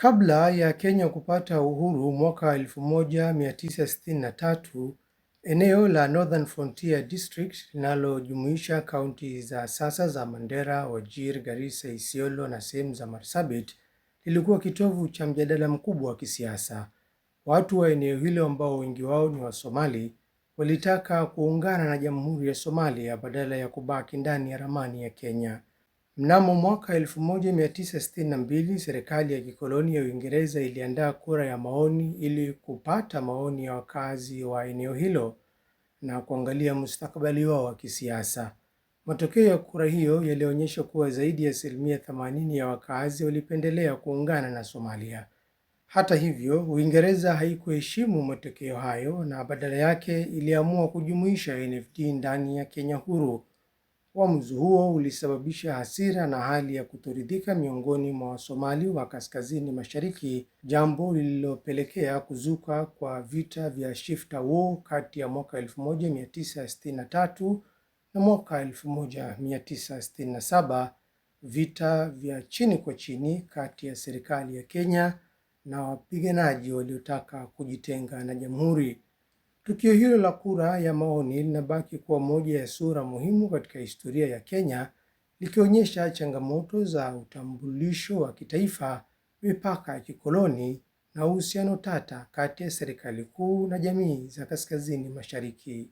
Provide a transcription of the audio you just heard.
Kabla ya Kenya kupata uhuru mwaka 1963, eneo la Northern Frontier District linalojumuisha kaunti za sasa za Mandera, Wajir, Garissa, Isiolo na sehemu za Marsabit lilikuwa kitovu cha mjadala mkubwa wa kisiasa. Watu wa eneo hilo ambao wengi wao ni Wasomali walitaka kuungana na Jamhuri ya Somalia badala ya kubaki ndani ya ramani ya Kenya. Mnamo mwaka 1962 serikali ya kikoloni ya Uingereza iliandaa kura ya maoni ili kupata maoni ya wakazi wa eneo hilo na kuangalia mustakabali wao wa kisiasa. Matokeo ya kura hiyo yalionyesha kuwa zaidi ya asilimia 80 ya wakazi walipendelea kuungana na Somalia. Hata hivyo, Uingereza haikuheshimu matokeo hayo na badala yake iliamua kujumuisha NFD ndani ya Kenya huru Uamuzi huo ulisababisha hasira na hali ya kutoridhika miongoni mwa Wasomali wa kaskazini mashariki, jambo lililopelekea kuzuka kwa vita vya Shifta War kati ya mwaka 1963 na mwaka 1967, vita vya chini kwa chini kati ya serikali ya Kenya na wapiganaji waliotaka kujitenga na jamhuri. Tukio hilo la kura ya maoni linabaki kuwa moja ya sura muhimu katika historia ya Kenya, likionyesha changamoto za utambulisho wa kitaifa, mipaka ya kikoloni na uhusiano tata kati ya serikali kuu na jamii za Kaskazini Mashariki.